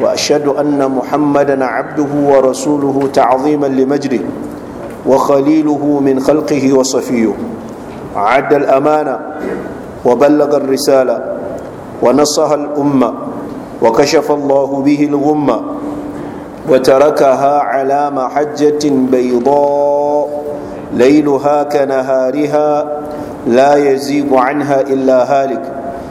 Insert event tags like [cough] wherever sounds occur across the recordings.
واشهد ان محمدا عبده ورسوله تعظيما لمجده وخليله من خلقه وصفيه عد الامانه وبلغ الرساله ونصها الامه وكشف الله به الغمه وتركها على محجه بيضاء ليلها كنهارها لا يزيغ عنها الا هالك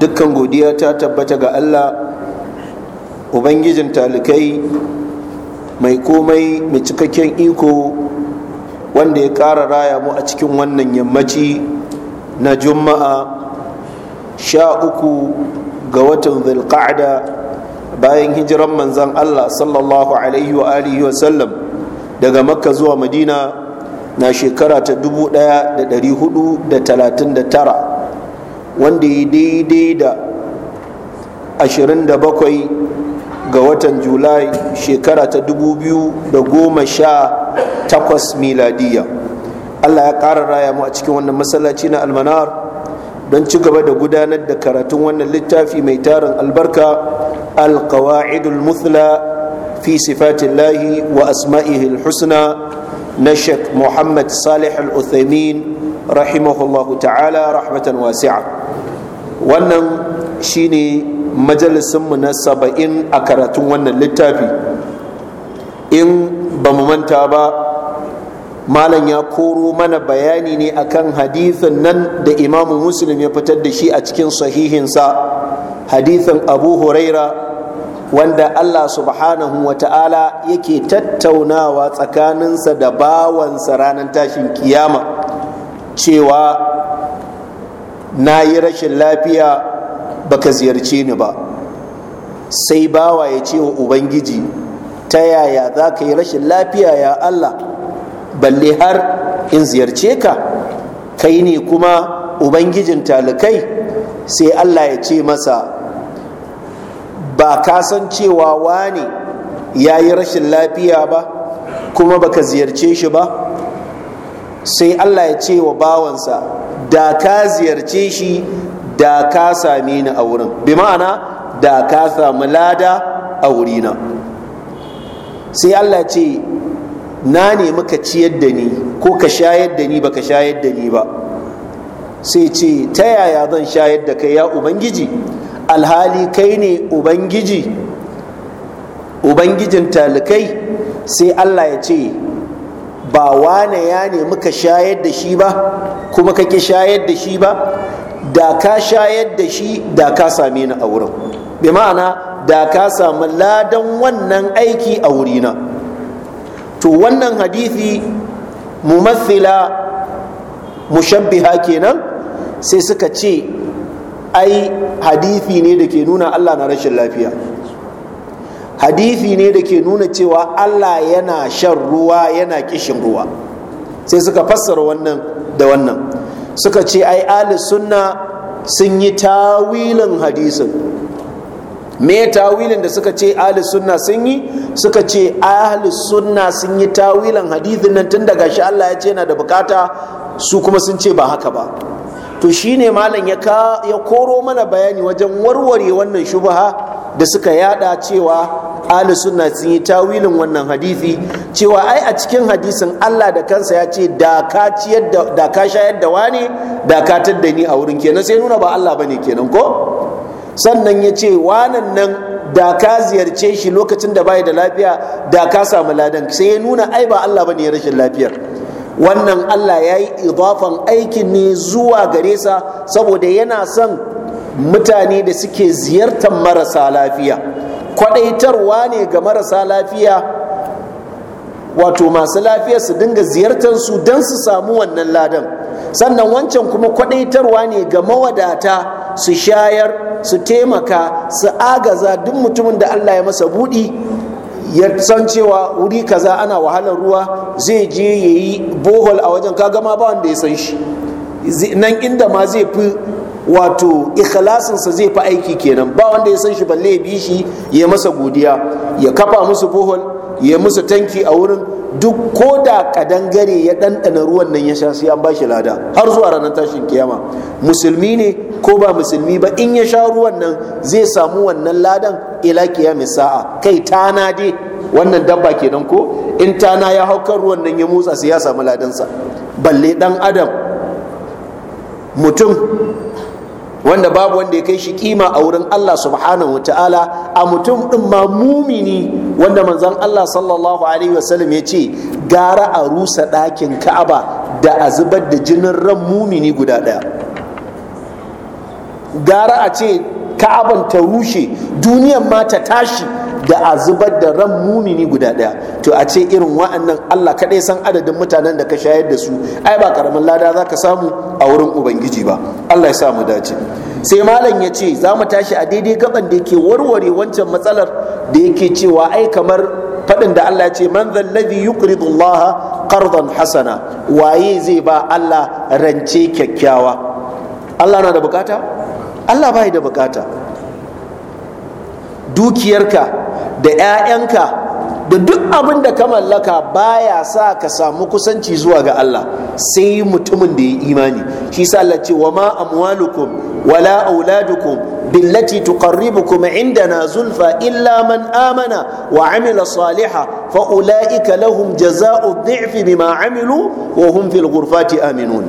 dukkan godiya ta tabbata ga allah ubangijin talikai mai komai mai cikakken iko wanda ya ƙara raya mu a cikin wannan yammaci na juma'a sha uku ga watan zilƙa'ada bayan hijiran manzan allah sallallahu alaihi wa alihi wa sallam daga makka zuwa madina na shekara ta dubu ɗaya da da da ɗari hudu talatin tara. wanda ya daidai da 27 ga watan julai shekara ta 2018 miladiya allah ya ƙara raya mu a cikin wannan masallaci na almanar don ci gaba da gudanar da karatun wannan littafi mai tarin albarka alkawa'idul muthla fi sifatillahi wa asma'ihi husna na sheikh muhammad salih al-uthaymin rahimahullahu ta'ala rahmatan wasi'a wannan shine majalisinmu na saba'in a karatun wannan littafi in ba mu manta ba malam ya koro mana bayani ne akan hadithin nan da imamu muslim ya fitar da shi a cikin sahihinsa hadithin abu huraira wanda allah subhanahu wa ta'ala yake tattaunawa tsakaninsa da bawansa ranar tashin kiyama cewa na yi rashin lafiya baka ziyarce ni ba sai bawa ya ce wa ubangiji ta yaya za ka yi rashin lafiya ya allah balle har in ziyarce ka kai ne kuma ubangijin talikai sai allah ya ce masa ba ka san cewa wane ya yi rashin lafiya ba kuma baka ziyarce shi ba sai Allah ya ce wa bawansa da ka ziyarce shi da ka same ni a wurin bi ma'ana da ka samu lada a wurina sai Allah ce na nemi ka ciyar da ni ko ka shayar da ni ba ka shayar da ni ba sai ce ta yaya zan shayar da kai ya ubangiji alhali kai ne ubangiji ubangijin talikai sai Allah ya ce ba wane ya nemi ka shayar da shi ba kuma kake shayar da shi ba da ka shayar da shi da ka same ni a wurin bi ma'ana da ka samu ladan wannan aiki a wurina to wannan hadithi mumathila mushabbiha kenan sai suka ce ai hadithi ne da ke nuna allah na rashin lafiya hadithi ne da ke nuna cewa allah yana shan ruwa yana kishin ruwa sai suka fassara wannan da wannan suka ce ai Ali sunna sun yi tawilin hadisin me tawilin da suka ce Ali sunna sun yi suka ce ahli sunna sun yi tawilin hadithin nan tun daga shi Allah ya ce yana da bukata su kuma sun ce ba haka ba to shine malam ya koro mana bayani wajen warware wannan shubha da suka yada cewa ahli sunna sun yi tawilin wannan hadisi cewa ai a cikin hadisin Allah da kansa ya ce da ka ciyar da da ka da wani da ka tadda ni a wurin kenan sai nuna ba Allah bane kenan ko sannan ya ce wanan nan da ka ziyarce shi lokacin da bai da lafiya da ka samu ladan sai ya nuna ai ba Allah bane ya rashin lafiyar wannan Allah ya yi idafan aikin ne zuwa gare sa saboda yana son mutane da suke ziyartar marasa lafiya kwadaitarwa ne ga marasa lafiya wato masu lafiya su dinga ziyartar su don su samu wannan ladan sannan wancan kuma kwadaitarwa ne ga mawadata su shayar su taimaka su agaza duk mutumin da allah ya masa buɗi ya san cewa wuri kaza ana wahalar ruwa zai je ya yi bohol a wajen kagama ba wanda ya san shi nan inda ma zai fi wato ikhlasinsa zai fi aiki kenan ba wanda ya san shi balle ya bi shi ya masa godiya ya kafa musu bohol ya musu tanki a wurin duk ko da kadangare ya ɗanɗana ruwan nan ya sha sai an bashi lada har zuwa ranar tashin kiyama musulmi ne ko ba musulmi ba in ya sha ruwan nan zai samu wannan ladan ila kiyamis sa'a kai tana dai wannan dabba kenan ko in tana ya hau kan ruwan nan ya motsa sai ya samu ladansa balle dan adam mutum wanda babu wanda ya kai shi kima a wurin Allah subhanahu wa ta'ala a mutum din ma mumini wanda manzon Allah sallallahu alaihi wasallam ya ce gara a rusa ɗakin Ka'aba da a zubar da jinin ran mumini guda ɗaya gara a ce ka'aban ta rushe duniyan ma ta tashi da a zubar da ran mumini guda daya to a ce irin wa'annan Allah kaɗai san adadin mutanen da ka shayar da su ai ba karamin lada za ka samu a wurin ubangiji ba Allah ya sa mu dace sai malam ya ce za mu tashi a daidai gaban da yake warware wancan matsalar da yake cewa ai kamar faɗin da Allah ce man zallazi yuqridu Allah qardan hasana waye zai ba Allah rance kyakkyawa Allah na da bukata Allah bai da bukata dukiyarka da 'ya'yanka da duk abin da ka mallaka baya sa ka samu kusanci zuwa ga Allah sai mutumin da ya yi imani shi sa Allah ce wa ma amwalukum wala auladukum billati tuqarribukum indana zulfa illa man amana wa amila saliha fa ulaika lahum jazaa'u dhi'fi bima amilu wa hum fil ghurfati aminun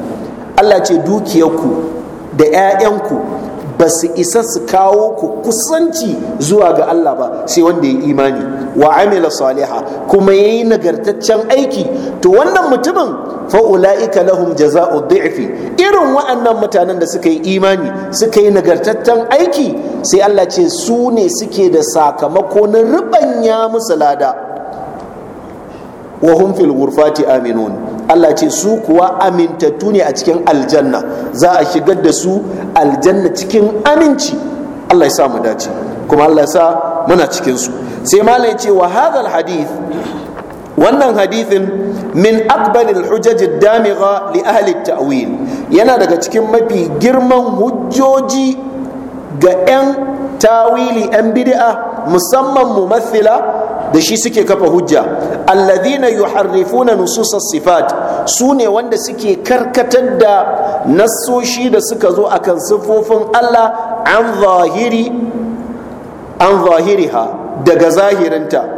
Allah ce dukiyarku da 'ya'yanku ba su isa su kawo ku kusanci zuwa ga Allah ba sai wanda ya imani wa amila saliha kuma ya yi nagartaccen aiki to wannan mutumin fa'ula'ika lahum jaza'u dhi'fi irin wa'annan mutanen da suka yi imani suka yi nagartaccen aiki sai Allah ce su ne suke da sakamako na ruɓanya musu lada wa hum fil ghurfati aminun Allah ce su kuwa amintattu ne a cikin aljanna za a shigar da su aljanna cikin aminci Allah ya sa mu dace kuma Allah ya sa muna cikin su sai malai ce wa hadal hadith wannan hadithin min akbalil hujaj damigha li ahli ta'wil yana daga cikin mafi girman hujjoji ga 'yan tawili 'yan bid'a musamman mumathila da shi suke kafa hujja alladhina yuharrifuna nusus sifat su ne wanda suke karkatar da nassoshi da suka zo akan sifofin Allah an zahiri an zahiriha daga zahirinta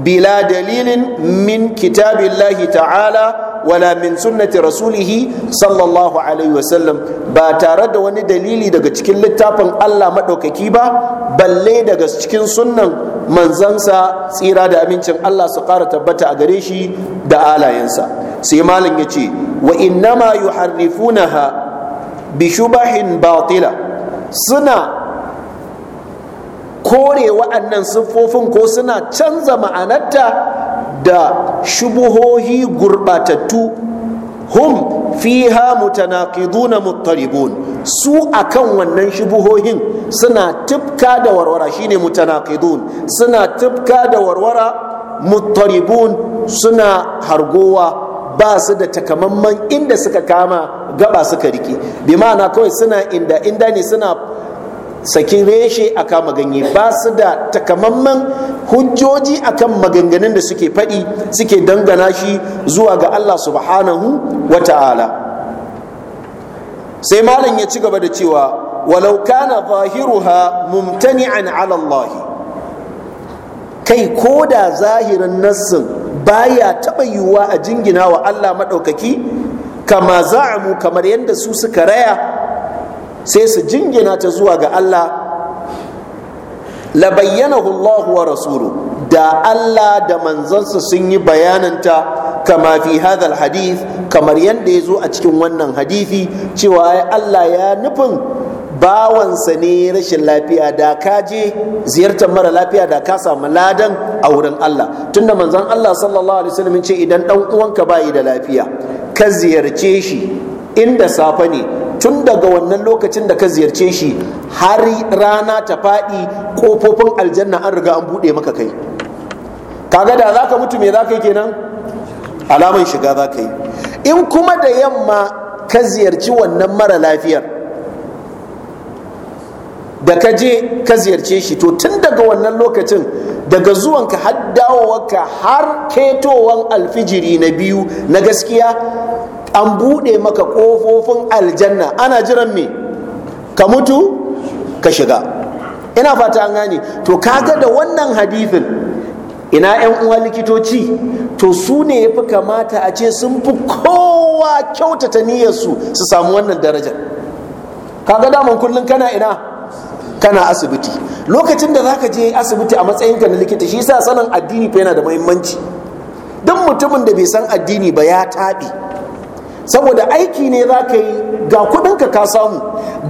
bila dalilin min kitabillahi ta'ala wala min sunnati rasulihi sallallahu alaihi wasallam ba tare da wani dalili daga cikin littafin Allah maɗaukaki ba balle daga cikin sunnan manzansa tsira da amincin Allah su ƙara tabbata a gare shi da alayensa sai malam ya ce wa innama yuharrifunaha bi shubahin batila suna kore wa'annan siffofin ko suna canza ma'anarta da shubuhohi gurbatattu hum fiha mutanaqiduna muttaribun su akan wannan shubuhohin suna tifka da warwara shine mutanaqidun suna tifka da warwara muttaribun suna hargowa ba su da takamamman inda suka kama gaba suka rike bi ma'ana kawai suna inda inda ne suna saki reshe a kama ganye ba su da takamamman hujjoji akan maganganun da suke faɗi suke dangana shi zuwa ga Allah subhanahu wa ta'ala sai malam ya ci gaba da cewa walau kana zahiruha mumtani'an ala Allah kai ko da zahirin nassin baya taɓa yiwuwa a jingina wa Allah maɗaukaki kama za'amu kamar yadda su suka raya sai su jingina ta zuwa ga Allah labayyanahu Allah wa rasulu da Allah da manzansa sun yi bayananta kama fi hadal hadith kamar yadda ya zo a cikin wannan hadithi cewa Allah ya nufin bawansa ne rashin lafiya da ka je ziyartar mara lafiya da ka samu ladan a wurin Allah tunda manzon Allah sallallahu alaihi wasallam ce idan dan uwanka bayi da lafiya ka ziyarce shi inda safe ne tun daga wannan lokacin da ka ziyarce shi har rana ta faɗi ƙofofin aljanna an riga an buɗe maka kai kaga da za ka mutu me za ka yi kenan alaman shiga za ka yi in kuma da yamma ka ziyarci wannan mara lafiyar da ka je ka ziyarce shi to tun daga wannan lokacin daga zuwanka har dawowarka har ketowan alfijiri na biyu na gaskiya an buɗe maka ƙofofin aljanna ana jiran me ka mutu ka shiga ina fata an gane to kaga da wannan hadithin ina 'yan uwa likitoci to su ne ya fi kamata a ce sun fi kowa kyautata niyyarsu su samu wannan darajar kaga daman kullum kana ina kana asibiti lokacin da zaka je asibiti a matsayinka na likita shi yasa sanin addini fa yana da muhimmanci duk mutumin da bai san addini ba ya taɓi saboda aiki ne za ka yi ga kuɗinka ka samu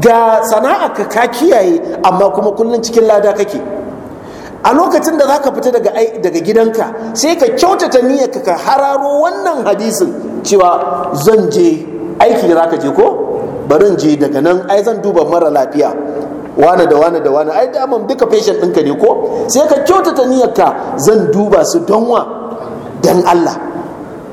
ga sana'a ka ka kiyaye amma kuma kullum cikin lada kake a lokacin da za ka fita daga gidanka sai ka kyautata niyyarka ka hararo wannan hadisin cewa zan je aiki za ka je ko barin je daga nan ai zan duba mara lafiya wane da wane da wane ai daman duka fashin ɗinka ne ko sai ka kyautata niyyarka zan duba su don wa don Allah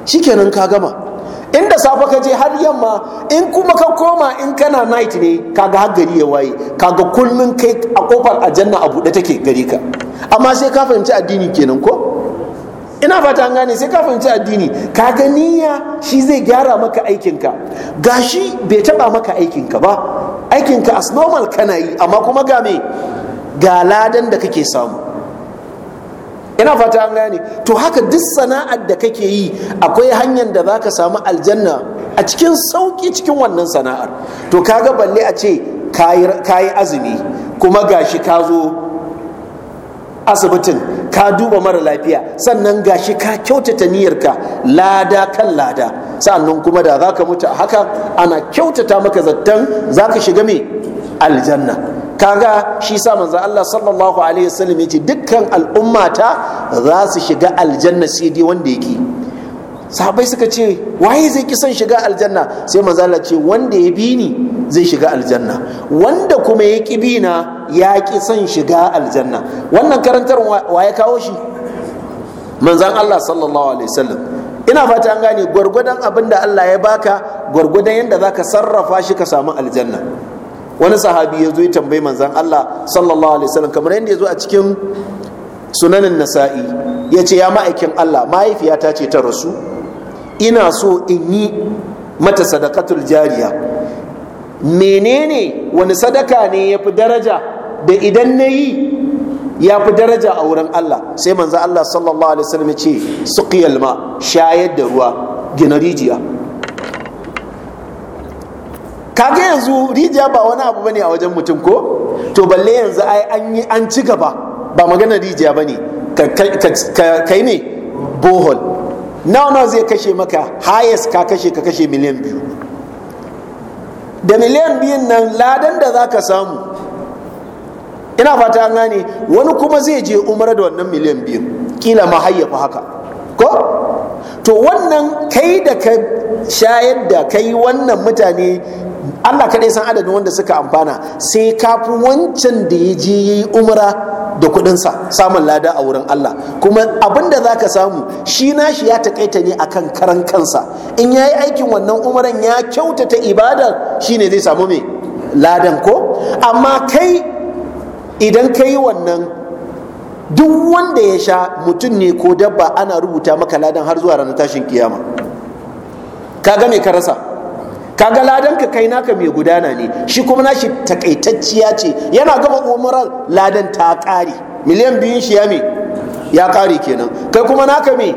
shikenan ka gama inda safe ka je har yamma in kuma ka koma in kana night ne kaga har gari ya waye kaga kullun kai a kofar aljanna a buɗe take gari ka amma sai ka fahimci addini kenan ko ina fata an gane sai ka fahimci addini ga niyya shi zai gyara maka aikinka gashi bai taba maka aikin ka ba aikinka as normal kana yi amma kuma ga me ga ladan da kake samu ina fata an gane to haka duk sana'ar da kake yi akwai hanyar da zaka samu aljanna a cikin sauki cikin wannan sana'ar to kaga balle a ce kayi azumi kuma gashi ka zo asibitin ka duba mara lafiya sannan gashi ka kyautata niyyarka lada kan lada sannan kuma da zaka mutu haka ana kyautata maka zattan zaka shiga mai aljanna kaga shi sa manzo Allah sallallahu alaihi wasallam yace dukkan al'ummata za su shiga aljanna sai dai wanda yake sahabbai suka ce waye zai ki son shiga aljanna sai manzo Allah ce wanda ya bi ni zai shiga aljanna wanda kuma ya ki bi na ya ki son shiga aljanna wannan karantar waye kawo shi manzon Allah sallallahu alaihi wasallam ina fata an gane gwargwadon abin da Allah ya baka gwargwadon yadda za ka sarrafa shi ka samu aljanna wani sahabi ya zo ya tambayi manzan Allah sallallahu alaihi wasallam kamar yadda ya zo a cikin sunanin nasa'i ya ce ya ma'aikin Allah mahaifiyata ce ta rasu ina so in yi mata sadakatul jariya menene wani sadaka ne ya fi daraja da idan na yi ya fi daraja a wurin Allah sai manzan Allah sallallahu alaihi wasallam ya ce suqiyal ma shayar da ruwa gina rijiya kaga yanzu rijiya ba wani abu bane a wajen mutum ko to balle yanzu ai an yi an ci gaba ba magana rijiya bane ka ne bohol nawa nawa zai kashe maka hayes ka kashe ka kashe miliyan biyu da miliyan biyun nan ladan da za ka samu ina fata an gane wani kuma zai je umar da wannan miliyan biyun kila ma hayyafa haka ko to wannan kai da ka shayar da kai wannan mutane Allah kaɗai san adadin wanda suka amfana sai kafu wancan da ya je yi umra da kuɗinsa samun lada a wurin Allah kuma abinda za ka samu shi nashi ya taƙaita ne akan karan kansa in ya yi aikin wannan umaran ya kyautata ibadar shine zai samu mai ladan ko amma kai idan ka yi wannan duk wanda ya sha mutum ne ko dabba ana rubuta maka ladan har zuwa ranar tashin kiyama ka ga me ka rasa kaga ladan ka kai naka mai gudana ne shi kuma nashi takaitacciya ce yana gama umarar ladan ta kare miliyan biyun shi ya me ya kare kenan kai kuma naka me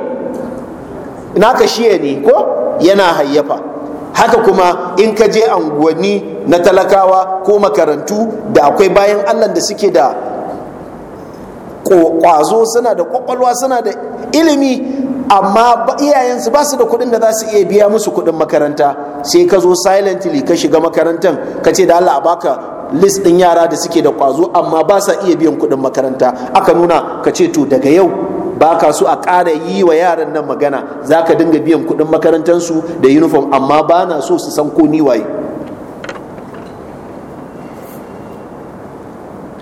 naka shiye ne ko yana hayyafa haka kuma in ka je anguwanni na talakawa ko makarantu da akwai bayan allah da suke da kwazo suna da kwakwalwa suna da ilimi amma iyayensu ba su da kuɗin da za su iya biya musu kuɗin makaranta sai ka zo silently ka shiga makarantar ka ce da Allah a baka list din yara da suke da kwazo amma ba sa iya biyan kuɗin makaranta aka nuna ka ce to daga yau ba ka so a ƙara yi wa yaran nan magana za ka dinga biyan kuɗin makarantarsu da uniform amma ba na so su san ko ni waye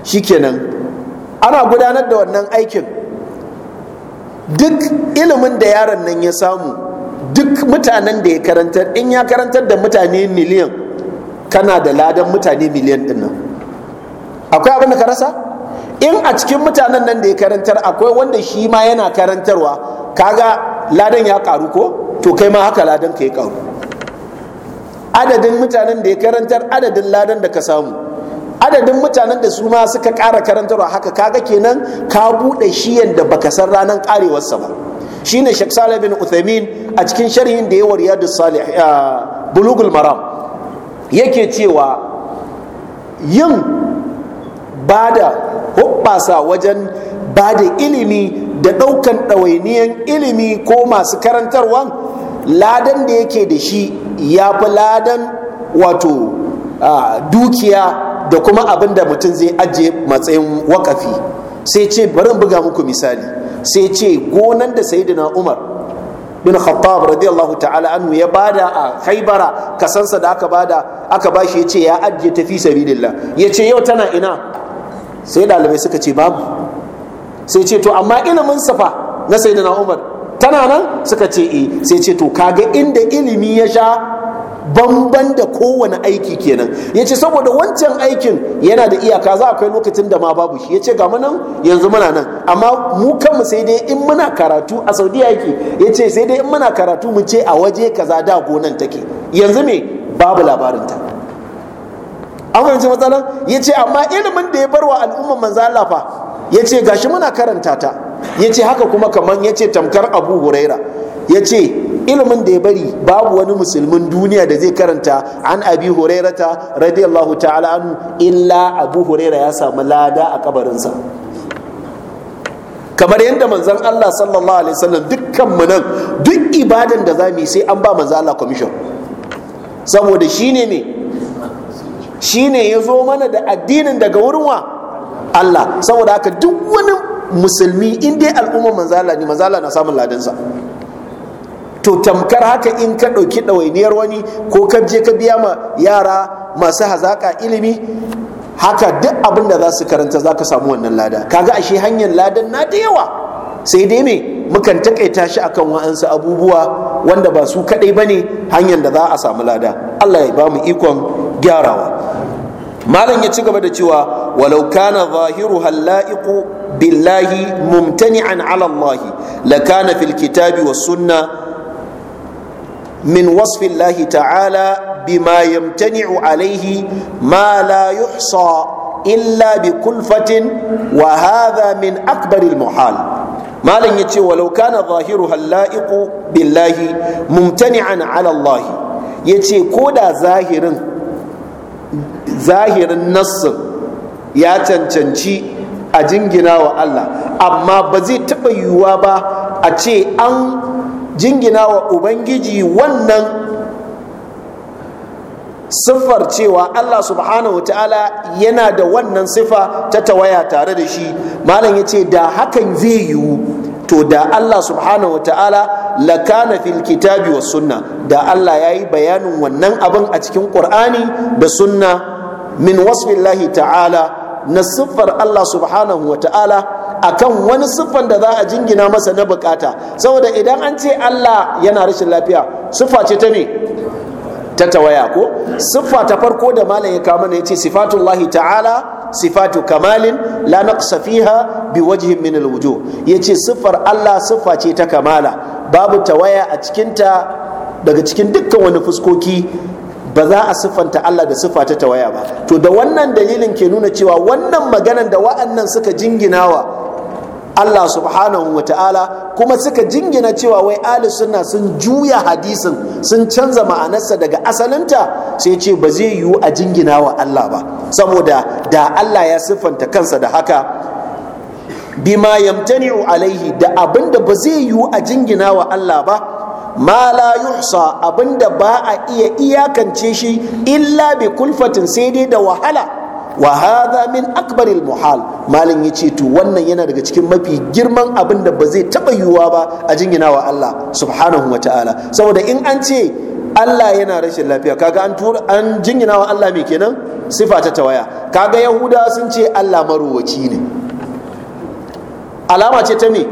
shikenan ana gudanar da wannan aikin duk ilimin da yaron nan ya samu duk mutanen da ya karantar in ya karantar da mutane miliyan kana da ladan mutane miliyan din nan akwai abin da ka rasa in a cikin mutanen nan da ya karantar akwai wanda shi ma yana karantarwa kaga ladan ya karu ko to kai ma haka ladan ka ya karu adadin mutanen da ya karantar adadin ladan da ka samu adadin mutanen da su ma suka kara karantarwa haka kaga kenan ka buɗe shiyan da baka san ranar sa ba shine Sheikh Saleh bin Uthaymeen a cikin sharhin da ya wariya da Salih Bulugul Maram yake cewa yin bada hubbasa wajen bada ilimi da ɗaukan ɗawainiyan ilimi ko masu karantarwan ladan da yake da shi ya fi ladan wato dukiya da kuma abin da mutum zai ajiye matsayin wakafi sai ce bari buga muku misali sai ce gonan da sayyidina umar bin khattab radiyallahu ta'ala anhu ya bada a khaibara kasansa da aka bada aka bashi ya ce ya ajiye tafi sabilillah ya ce yau tana ina sai dalibai suka ce babu sai ce to amma ilimin safa na sayyidina umar tana nan suka ce eh sai ce to kaga inda ilimi ya sha bamban da kowane aiki kenan ya ce saboda wancan aikin yana da iyaka za a kai lokacin da ma babu shi ya ce gama nan yanzu muna nan amma mu kanmu sai dai in muna karatu a saudi yake ya ce sai dai in muna karatu mu ce a waje kaza da gonan take yanzu me babu labarinta an fahimci matsalan ya ce amma ilimin da ya barwa al'umman manzo Allah fa ya ce gashi muna karanta ta ya ce haka kuma kamar ya ce tamkar abu huraira ya ce ilimin da ya bari babu wani musulmin duniya da zai karanta an abi hurairata radiyallahu ta'ala anu illa abu huraira ya samu lada a kabarinsa kamar yadda manzan Allah sallallahu alaihi wasallam dukkan mu nan duk ibadan da zamu yi sai an ba manzon Allah commission saboda shine ne shine ya zo mana da addinin daga wurin wa Allah saboda haka duk wani musulmi in dai al'umma manzala Allah ne na samun ladansa to tamkar haka in ka ɗauki ɗawainiyar wani ko ka je ka biya ma yara masu hazaƙa ilimi haka duk abin da za su karanta za ka samu wannan lada kaga ashe hanyar ladan na da yawa sai dai me mukan takaita shi akan wa'ansu abubuwa wanda ba su kaɗai ba ne hanyar da za a samu lada allah ya ba mu ikon gyarawa malam ya ci gaba da cewa walau kana zahiru halla'iku billahi mumtani'an ala Allah la kana fil kitabi wa sunna من وصف الله تعالى بما يمتنع عليه ما لا يحصى إلا بكلفة وهذا من أكبر المحال ما لن يتي ولو كان ظاهرها اللائق بالله ممتنعا على الله يتي كودا ظاهر ظاهر النص يا تنتنشي أجنجنا وألا أما بزي تبيوا با أتي أن jingina wa ubangiji wannan siffar cewa Allah subhanahu wa ta'ala yana da wannan siffa ta tawaya tare da shi malam ya ce da hakan zai yiwu to da Allah subhanahu wa ta'ala lakana fil kitabi wa sunna da Allah ya yi bayanin wannan abin a cikin qur'ani da sunna min wasfillahi ta'ala na siffar Allah subhanahu wa ta'ala akan wani siffan da za a jingina masa na bukata saboda idan an ce Allah yana rashin lafiya siffa ce ta me ta tawaya ko siffa ta farko da malam ya kawo mana ce sifatullahi ta'ala sifatu kamalin la naqsa fiha biwajhin min alwujuh yace siffar Allah siffa ce ta kamala babu tawaya a cikinta daga cikin dukkan wani fuskoki ba za a siffanta Allah da siffa ta tawaya ba to da wannan dalilin ke nuna cewa wannan maganan da wa'annan suka jinginawa Allah subhanahu wa ta'ala kuma suka jingina cewa wai Ali sunna sun juya hadisin sun canza ma'anarsa daga asalinta sai ce ba zai yiwu a jingina wa Allah ba saboda da Allah ya siffanta kansa da haka bima yamtani'u alaihi da abinda ba zai yiwu a jingina wa Allah ba ma la yuhsa abinda ba a iya iyakance shi illa bi kulfatin sai dai da wahala wa hadha min akbaril muhal malam ya ce to wannan yana daga cikin mafi girman abin da ba zai taba yiwuwa ba a jingina wa Allah subhanahu wa ta'ala saboda in an ce Allah yana rashin lafiya kaga an tura an jingina wa Allah me kenan sifa ta tawaya kaga yahuda sun ce Allah maruwaci ne alama ce ta me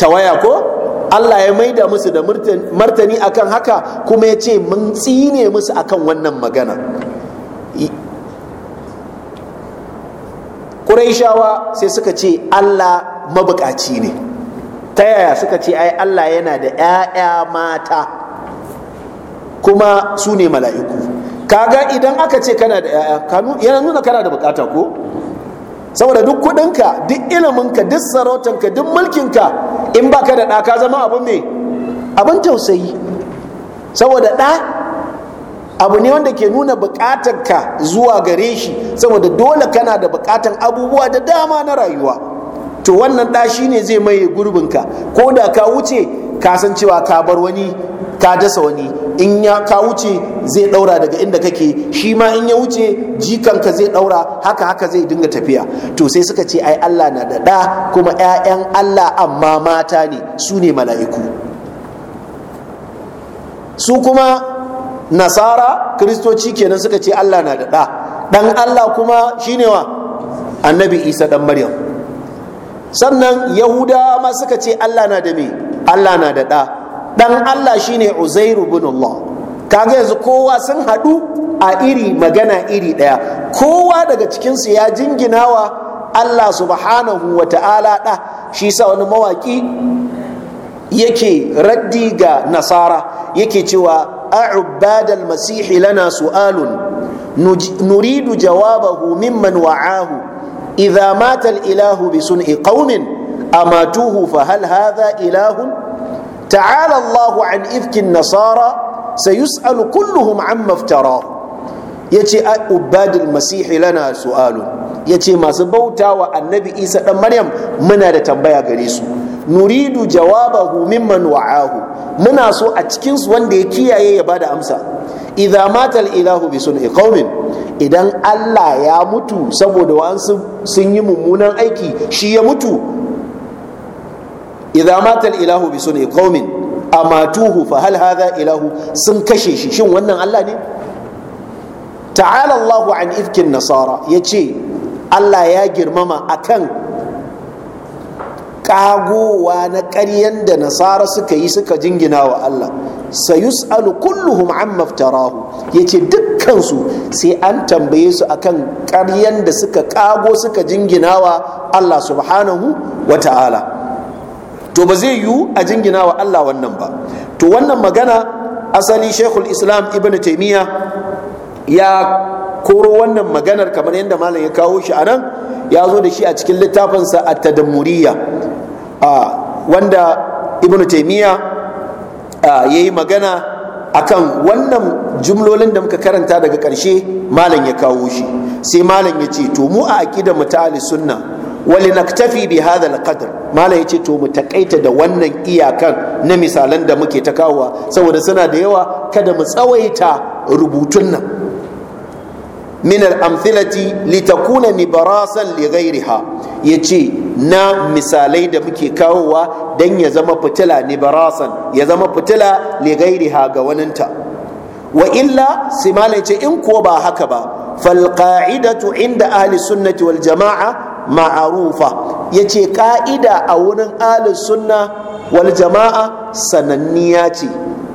tawaya ko Allah ya maida musu da martani akan haka kuma ya ce mun tsine musu akan wannan magana ƙuraishawa sai suka ce allah mabukaci ne ta yaya suka ce ai allah yana da 'ya'ya mata kuma su ne mala'iku kaga idan aka ce kana da 'ya'ya yana nuna kana da bukata ko saboda duk kudinka duk iliminka duk sarautanka duk mulkinka in baka da ɗa ka zama abin me abin tausayi saboda ɗa abu ne wanda ke nuna ka zuwa gare shi saboda dole kana da bukatan abubuwa da dama na rayuwa to wannan ɗashi shi ne zai maye ka, ko da ka wuce ka san cewa ka bar wani ka dasa wani in ya ka wuce zai daura daga inda kake shi ma in ya wuce jikanka zai daura haka haka zai dinga tafiya to sai suka ce ai Allah na da kuma 'ya'yan Allah amma mata ne su ne mala'iku su kuma nasara kristoci kenan suka ce allah na da ɗan allah kuma shine wa annabi isa ɗan maryam sannan yahuda ma suka ce allah na da me allah na da ɗa ɗan allah shine uzairu bin allah kaga yanzu kowa sun haɗu a iri magana iri ɗaya kowa daga cikinsu ya jinginawa Allah subhanahu wa ta'ala ɗa shi sa wani mawaƙi yake raddi ga nasara yake cewa أعباد المسيح لنا سؤال نريد جوابه ممن وعاه إذا مات الإله بسنء قوم أماتوه فهل هذا إله تعالى الله عن إفك النصارى سيسأل كلهم عما افتراه يتي أعباد المسيح لنا سؤال يتي ما سبوتا وأن النبي إيسى مريم منا تنبيا قريسو nuridu jawabahu mimman wa'ahu muna so a cikinsu wanda ya kiyaye ya bada amsa idza matal ilahu bi sun'i qaumin idan Allah ya mutu saboda wa'ansu sun yi mummunan aiki shi ya mutu idza matal ilahu bi sun'i qaumin amatuhu fa hal hadha ilahu sun kashe shi shin wannan Allah ne ta'ala Allahu an ifkin nasara yace Allah ya girmama akan ƙagowa na ƙaryen da nasara suka yi suka jingina wa Allah sayus kulluhum amma ya yace dukkansu sai an tambaye su akan ƙaryen da suka ƙago suka jingina wa Allah subhanahu wa ta'ala to ba zai yiwu a jingina wa Allah wannan ba to wannan magana asali shekul islam ibn taimiyya ya koro wannan maganar kamar yadda malam ya kawo shi a nan ya zo da shi a cikin littafinsa a tadammuriya wanda ibnu taimiyya ya yi magana akan wannan jumlolin da muka karanta daga ƙarshe malam ya kawo shi sai malam ya ce to mu a aƙidar mu ta sunna wali naktafi bi hadha alqadr malam ya ce to mu takaita da wannan iyakan na misalan da muke ta kawowa saboda suna da yawa kada mu tsawaita rubutun nan min al litakuna ni barasan li ya yace na misalai da muke kawowa dan ya zama fitila ni barasan ya zama fitila li ga waninta wa illa simala ce in ko ba haka ba fal qa'idatu inda ahli sunnati wal jama'a yace ka'ida a wurin ahli sunna wal jama'a sananniya ce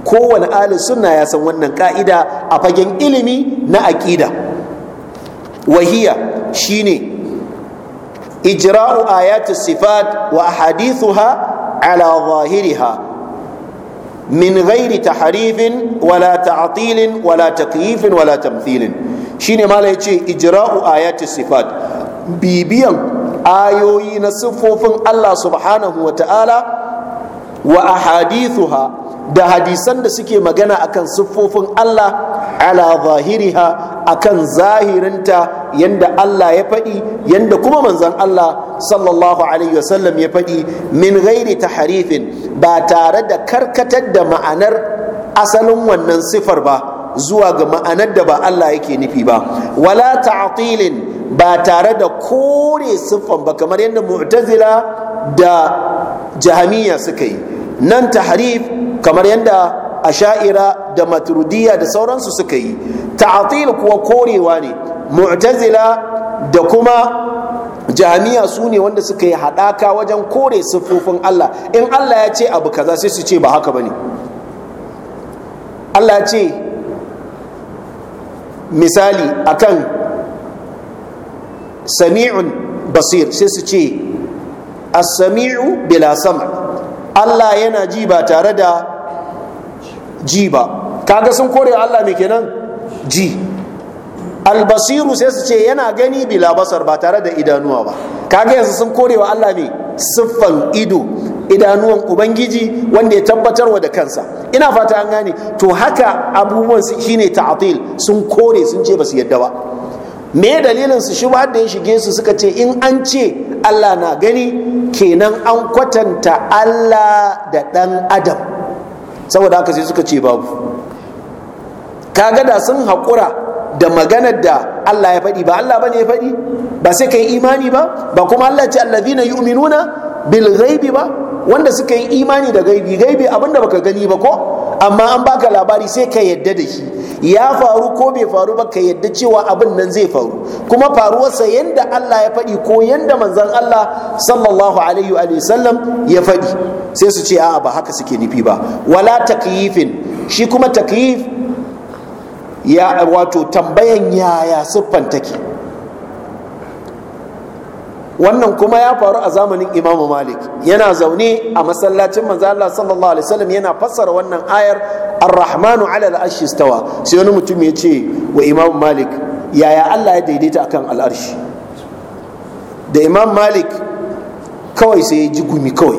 kowane ahli sunna ya san wannan ka'ida a fagen ilimi na aqida wahiya shine ijra'u ayati sifat wa ahadithuha ala zahiriha min ghairi tahrifin wala ta'tilin wala takyifin wala tamthilin shine mala yace ijra'u ayati sifat bibiyan ayoyi na siffofin Allah subhanahu wa ta'ala wa ahadithuha da hadisan da suke magana akan siffofin Allah ala zahiriha akan zahirinta yanda Allah ya faɗi yanda kuma manzon Allah sallallahu alaihi wasallam ya faɗi min ghairi taharifin ba tare da karkatar da ma'anar asalin wannan sifar ba zuwa ga ma'anar da ba Allah yake nufi ba wala ta'tilin ba tare da kore siffan ba kamar yadda mu'tazila da jahamiya suka yi nan taharif kamar yadda asha'ira da maturidiyya da sauransu suka yi ta'atil kuwa korewa ne mu'tazila da kuma jami'a su ne wanda suka yi haɗaka wajen kore siffofin Allah in Allah ya ce abu kaza sai su ce ba haka bane Allah ya ce misali akan sami'un basir sai su ce as-sami'u bila sama Allah yana ji ba tare da ji ba kaga sun kore Allah me kenan ji albasiru sai su ce yana gani bila basar ba tare da idanuwa ba kaga yanzu sun kore wa Allah ne siffan ido idanuwan ubangiji wanda ya tabbatar wa da kansa ina fata an gane to haka abubuwan shine ta'til sun kore sun ce ba su yadda ba me dalilin su shi da ya shige su suka ce in an ce Allah na gani kenan an kwatanta Allah da dan adam saboda haka sai suka ce babu kaga da sun haƙura da maganar da Allah ya faɗi ba Allah ne ya faɗi ba sai yi imani ba ba kuma Allah ce allazina yu'minuna bil ghaibi ba wanda suka yi imani da gaibi gaibi abinda baka gani ba ko amma an baka labari sai ka yadda da shi ya faru ko bai faru ba ka yadda cewa abin nan zai faru kuma faruwarsa yanda Allah ya faɗi ko yadda manzon Allah sallallahu alaihi wa sallam ya faɗi sai su ce a'a ba haka suke nufi ba wala takyifin shi kuma takyif ya wato tambayan yaya siffan take wannan kuma ya faru a zamanin imam malik yana zaune a masallacin manzo Allah sallallahu alaihi wasallam yana fassara wannan ayar ar-rahmanu ala al-arshi stawa sai wani mutum ya ce wa imam malik yaya Allah ya daidaita akan al'arshi da imam malik kawai sai ya ji gumi kawai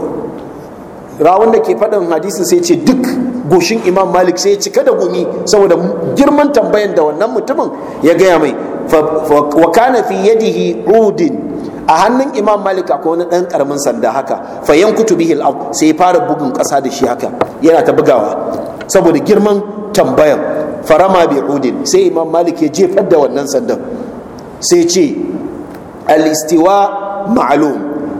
rawun da ke faɗin hadisin sai ce duk goshin imam malik sai ya cika da gumi saboda girman tambayan da wannan mutumin ya gaya mai wa kana fi yadihi udin a hannun imam malik akwai wani ɗan ƙaramin sanda haka fayan kutu bihil ab sai ya fara bugun ƙasa da shi haka yana ta bugawa saboda girman tambayan farama bi udin sai imam malik ya jefar da wannan sandan sai ce al-istiwa ma'lum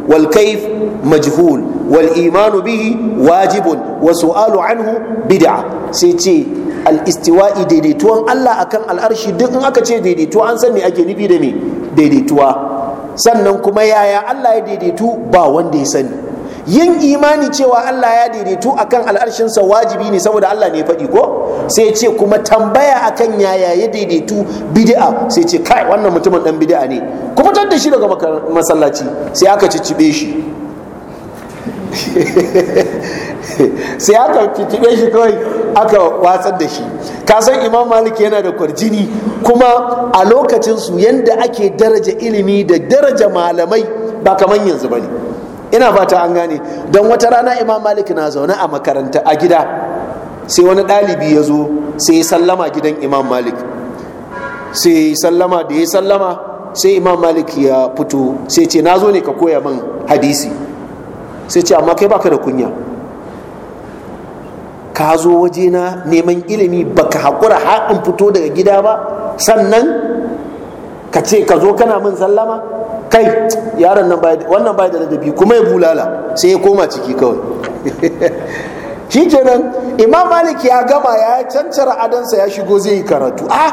wal kayf majhul wal imanu bihi wajibun wa su'alu anhu bid'a sai ce al'istiwa'i daidaituwan Allah akan al'arshi duk in aka ce daidaituwa an san me ake nufi da me daidaituwa sannan kuma yaya Allah ya daidaitu ba wanda ya sani yin imani cewa Allah ya daidaitu akan al'arshinsa wajibi ne saboda Allah ne faɗi ko sai ce kuma tambaya akan yaya ya daidaitu bidi'a? sai ce kai wannan mutumin dan bidi'a ne ku fitar da shi daga masallaci sai aka ciccibe shi [laughs] sai aka titibe shi kawai aka watsar da shi kasan imam malik yana da kwarjini kuma a lokacin su yanda ake daraja ilimi da daraja malamai ba kamar yanzu ba ne, ina fata an gane don wata rana imam malik na zaune a makaranta a gida sai wani ɗalibi ya zo sai ya sallama gidan imam malik sai ya sallama da ya sallama sai imam malik ya fito sai ce na zo ne ka koya min hadisi sai ce amma kai baka da kunya ka zo wajena neman ilimi baka haƙura haɗin fito daga gida ba sannan ka ce ka zo kana min sallama kai yaron nan wannan bai da ladabi kuma ya bulala sai ya koma ciki kawai [laughs] shi kenan imam malik ya gama ya cancara adansa ya shigo zai yi karatu a ah,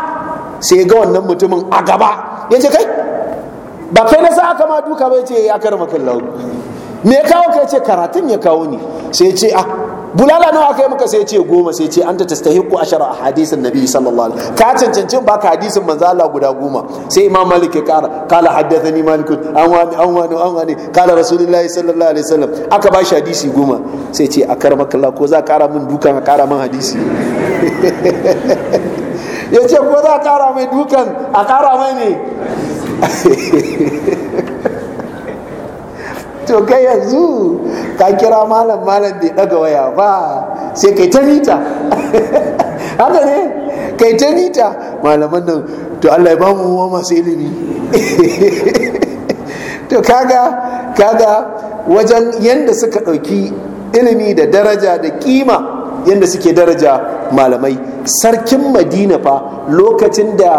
sai ya ga wannan mutumin a gaba ya ce kai ba kai na sa aka ma duka bai ce eh, ya karma kallahu me ya kawo kai ce karatun ya kawo ni sai ce a ah, bulala nawa aka yi maka sai ce goma sai ce ta tastahiqu ashara a hadisin nabi sallallahu alaihi ka cancanci ka hadisin manzo Allah guda goma sai imam malik ya kara kala haddathani malik an wani an wani an wani kala rasulullahi sallallahu alaihi wasallam aka ba shi hadisi goma sai ce a kar makalla ko za kara min dukan a kara min hadisi [laughs] ya ce ko za kara min dukan a kara mai ne [laughs] to kai yanzu ka kira malam malam bai daga waya ba sai kai ta mita [laughs] haka ne kai ta mita malaman nan to Allah ya ba mu masu ilimi [laughs] to kaga kaga wajen yadda suka ɗauki ilimi da daraja da kima yadda suke daraja malamai sarkin madina fa lokacin da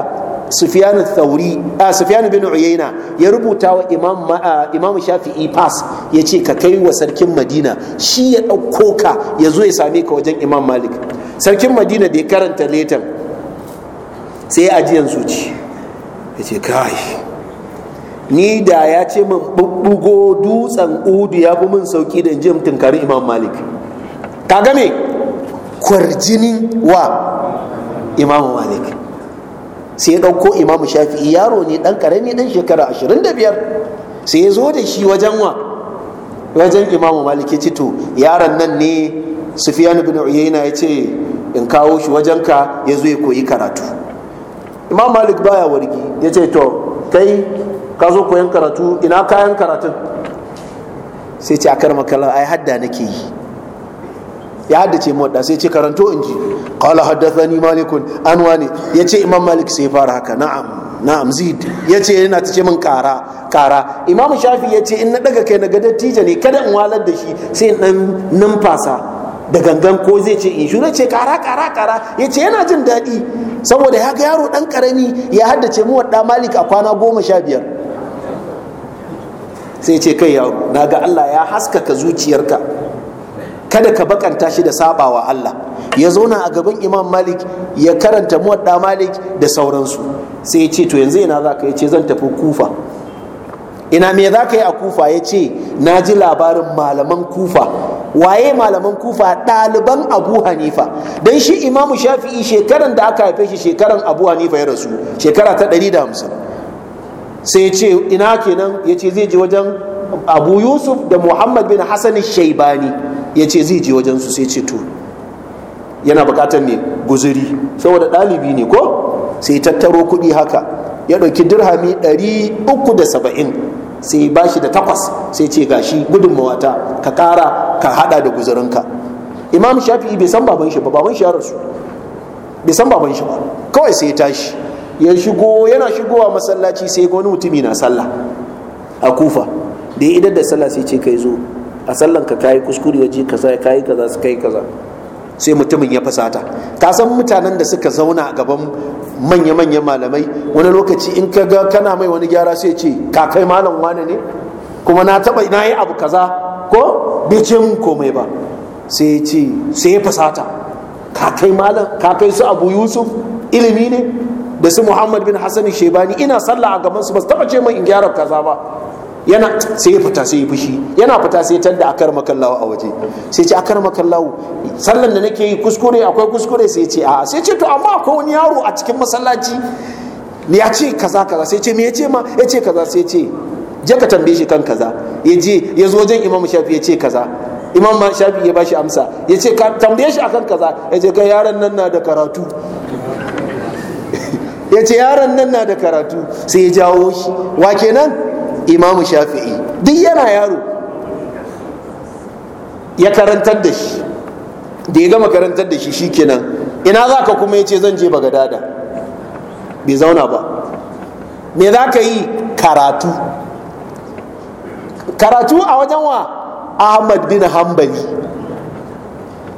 Ah, sufyan bin uyayna ya rubuta wa ah, imam shafi'i pass ya ce ka kai wa sarkin madina shi ya ɗauko ka ya zo ya same ka wajen imam malik sarkin madina da ya karanta letan sai ya ajiyan zuci ya ni da yace ce min bubbugo dutsen udu ya fi min sauki da jim tunkari imam malik ka game kwarjinin wa imamu malik sai ya ɗauko imamu shafi'i yaro ne ɗan ƙarami ɗan shekara ashirin da biyar sai ya zo da shi wajen wa wajen imamu maliki cito yaron nan ne sufiyan ibn uyayna ya ce in kawo shi wajenka ya zo ya koyi karatu imam malik baya wargi ya ce to kai ka zo koyan karatu ina kayan karatun sai ce a karmakala ai hadda nake yi ya haddace muwadda sai ce karanto in ji qala haddathani malikun an ya ce imam malik sai fara haka na'am na'am zid ce yana ta ce min kara kara imam shafi ce in na daga kai na ga dattija ne kada in walar da shi sai in dan numfasa da gangan ko zai ce in shura ce kara kara kara ce yana jin daɗi saboda ya ga yaro dan karami ya haddace muwadda malik a kwana goma sha biyar sai ce kai yaro na ga allah ya haskaka zuciyarka kada ka bakanta shi da sabawa Allah ya zauna a gaban Imam Malik ya karanta muwadda Malik da sauransu sai ya ce to yanzu ina za ka ya ce zan tafi Kufa ina me za ka yi a Kufa ya ce na ji labarin malaman Kufa waye malaman Kufa ɗaliban Abu Hanifa Don shi imamu Shafi'i shekaran da aka haife shi shekaran Abu Hanifa ya rasu shekara ta 150 sai ya ce ina kenan ya ce zai je wajen abu yusuf da muhammad bin hassan shaibani ya ce zai je wajensu sai ce to yana bukatar ne guzuri saboda ɗalibi ne ko sai tattaro kuɗi haka ya ɗauki dirhami 370 sai ba shi da takwas sai ce gashi gudunmawata ka ƙara ka hada da guzurinka imam shafi'i bai san baban shi ba baban shi ya rasu bai san baban shi ba kawai sai ya tashi ya shigo yana shigowa masallaci sai ga wani mutumi na sallah a kufa da ya idan da sallah sai ce kai zo a sallan ka kayi kuskure waje sai kayi kaza su kai kaza sai mutumin ya fasata ka san mutanen da suka zauna a gaban manya-manya malamai wani lokaci in ka ga kana mai wani gyara sai ce ka kai malam wane ne kuma na taba na yi abu kaza ko bai ce mun komai ba sai ce sai ya fasata ka kai malam ka kai su abu yusuf ilimi ne da su muhammad bin hassani shebani ina sallah a gaban su ba su taba ce mai in gyara kaza ba yana sai ya fita sai ya fushi yana fita sai tar da akar makallawo a waje sai ce akar makallawo sallan da nake yi kuskure akwai kuskure sai ce a sai ce to amma akwai wani yaro a cikin masallaci ya ce kaza kaza sai ce me ya ce ma ya ce kaza sai ce je ka tambaye shi kan kaza ya je ya zo wajen imam shafi ya ce kaza imam shafi ya bashi amsa ya ce ka tambaye shi akan kaza ya ce ga yaron nan na da karatu [laughs] ya ce yaron nan na da karatu sai ya jawo shi wa kenan imamu shafi'i duk yana yaro ya karantar da shi da ya gama karantar da shi kenan. ina za ka kuma ya ce zan je dada? bai zauna ba me za ka yi karatu karatu a wajen wa ahmad bin hambali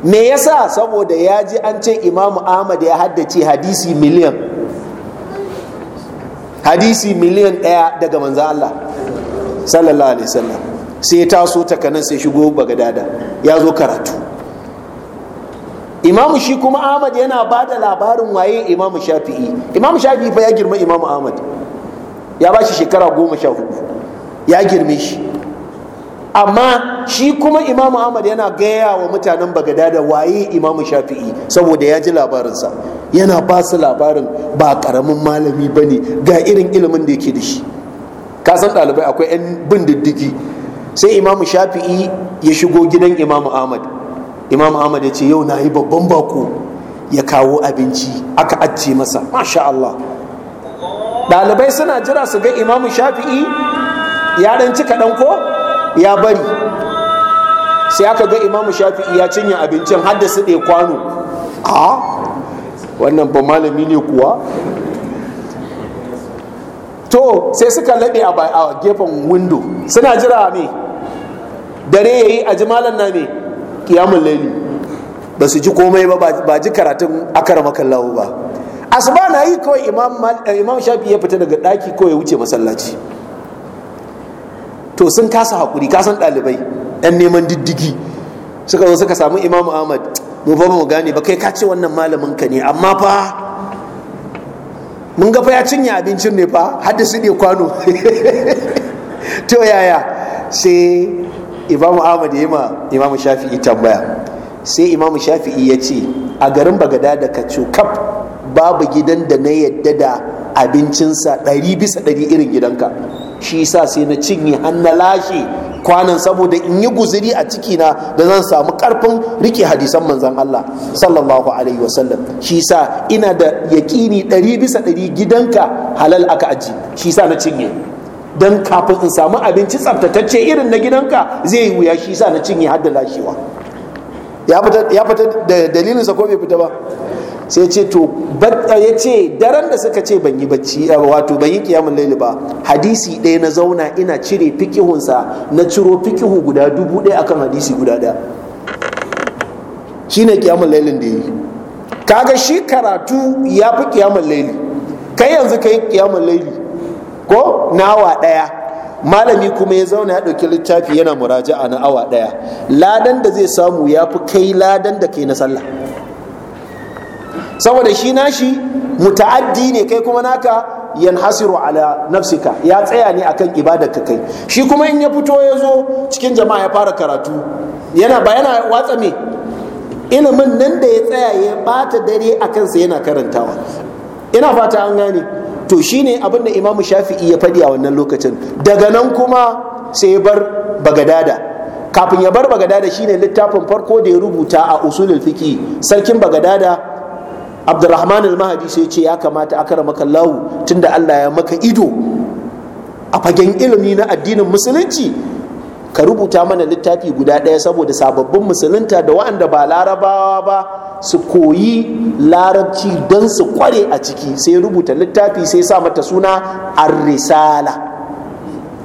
me yasa saboda ya ji an ce imamu ahmad ya haddace hadisi miliyan hadisi miliyan ɗaya daga manzan Allah sallallahu alaihi wasallam sai ya taso nan sai shigo bagadada ya zo karatu imamu shi kuma ahmad yana ba da labarin waye imamu shafi'i imamu shafi'i fa ya girma imamu ahmad ya ba shi shekara goma sha hudu ya girme shi amma shi kuma imamu ahmad yana gaya wa mutanen bagada da waye imamu shafi'i saboda ya ji labarinsa yana ba su labarin ba karamin malami ba ne ga irin ilimin da yake da shi kasan ɗalibai akwai 'yan bin diddigi sai imamu shafi'i ya shigo gidan imamu ahmad imamu ahmad ya ce yau na yi babban bako ya kawo abinci aka ajiye masa masha Allah ɗalibai suna jira su ga imamu shafi'i ya ɗan cika ko ya bari sai aka ga imamu shafi'i ya cinye abincin har su su kwano a wannan ba malami ne kuwa to sai suka laɗe a gefen windo suna jira ne dare ya yi a jimalan na ne kiyamun laili ba su ji komai ba ba ji karatun akar makallahu ba asuba na yi kawai imam eh, shafi ya fita daga ɗaki ko ya wuce masallaci to sun kasa hakuri kasan ɗalibai ɗan neman diddigi suka zo suka samu imamu ahmad mu mu gane ba kai ka wannan malamin ka ne amma fa mun ga fa ya cinye abincin ne fa har da ne kwano [laughs] to yaya sai imamu ahmad ya yi ma imamu shafi'i tambaya sai imamu shafi'i ya ce a garin bagada da ka babu gidan da na yadda da abincinsa ɗari bisa ɗari irin gidanka shi yasa sai na cinye har lashe kwanan saboda in yi guziri a ciki na da zan samu karfin rike hadisan manzan Allah sallallahu alaihi wasallam shi yasa ina da yaƙini ɗari bisa ɗari gidanka halal aka aji shi yasa na cinye don kafin in samu abinci tsaftatacce irin na gidanka zai yi wuya shi yasa na cinye har da lashewa ya fita da dalilinsa ko bai fita ba sai ce to eh, ya ce daren da suka ce ban yi bacci eh, wato ban yi kiyamun laili ba hadisi ɗaya na zauna ina cire fikihunsa na ciro fikihu guda dubu ɗaya akan hadisi guda ɗaya shine kiyamun lailin da yi kaga shi karatu ya fi kiyamun laili kai yanzu ka yi kiyamun laili ko na awa ɗaya malami kuma ya zauna ya ɗauki littafi yana muraja'a na awa ɗaya ladan da zai samu ya fi kai ladan da kai na sallah saboda shi nashi muta'addi ne kai kuma naka hasiru ala nafsika ya tsaya ne akan ibadarka kai shi kuma in ya fito ya zo cikin jama'a ya fara karatu yana ba yana watsa me ilimin nan da ya tsaya ya bata dare a kansa yana karantawa ina fata an gane to shine abin da imamu shafi'i ya faɗi a wannan lokacin daga nan kuma sai ya bar bagadada kafin ya bar bagadada shine littafin farko da ya rubuta a usulul fiqi sarkin bagadada abdurrahman al-mahdi sai ce ya kamata akara maka lawu tunda Allah ya maka ido a fagen ilimi na addinin musulunci ka rubuta mana littafi guda ɗaya saboda sababbin musulunta da waɗanda ba larabawa ba su koyi larabci don su kware a ciki sai rubuta littafi sai sa mata suna ar-risala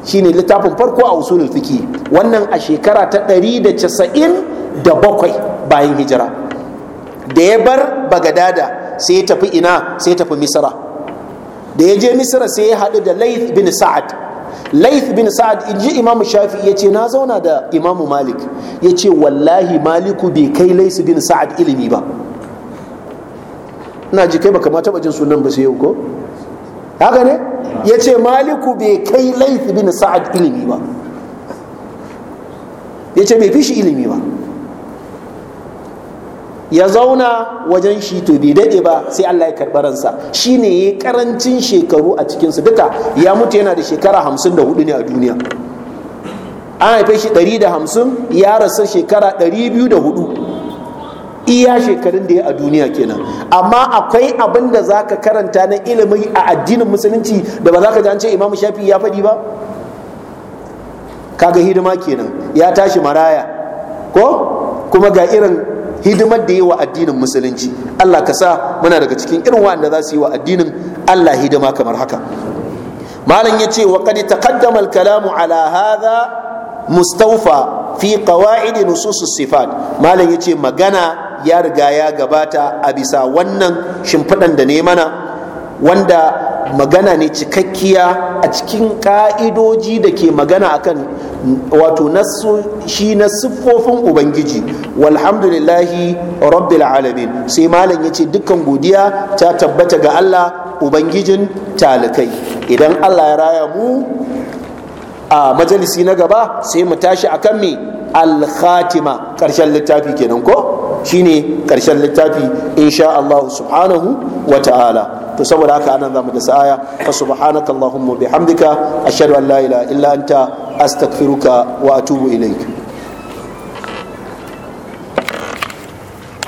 shine littafin farko a usulul fiki wannan a shekara ta 197 bayan hijira da ya bar bagadada sai ya tafi ina sai ya tafi misra da ya je misra sai ya haɗu da laith bin sa'ad laith bin sa'ad in ji imamu shafi ya ce na zauna da imamu malik ya ce wallahi maliku bai kai laith bin sa'ad ilimi ba ina ji kai baka ma taɓa jin sunan ba sai yau ko haka ne ya ce maliku bai kai laith bin sa'ad ilimi ba ya ce bai fi shi ilimi ba ya zauna wajen shi to bai daɗe ba sai Allah ya karɓi ransa shi ne ya karancin shekaru a cikinsu duka ya mutu yana da shekara hamsin da hudu ne a duniya an haife shi ɗari da hamsin ya rasa shekara ɗari biyu da hudu iya shekarun da ya a duniya kenan amma akwai abin da za ka karanta na ilimi a addinin musulunci da ba za ka ji an ce imamu shafi ya faɗi ba kaga hidima kenan ya tashi maraya ko kuma ga irin hidimar da yi wa addinin musulunci Allah ka sa muna daga cikin irin wa'anda za su yi wa addinin Allah hidima kamar haka malam ya ce wa taqaddama kalamu ala hadha mustawfa fi qawaid nusus sifat malam ya ce magana ya riga ya gabata a bisa wannan shimfiɗan da ne mana wanda magana ne cikakkiya a cikin ka'idoji da ke magana akan wato shi na siffofin ubangiji walhamdulillahi rabbil alamin sai malam ya ce dukkan godiya ta tabbata ga allah ubangijin talikai idan allah ya raya mu a majalisi na gaba sai mu tashi akan me al ƙarshen littafi kenan ko shine karshen littafi insha Allah subhanahu wa ta'ala to saboda haka anan zamu da sa'aya fa subhanakallahumma bihamdika ashhadu an la ilaha illa anta astaghfiruka wa atubu ilaik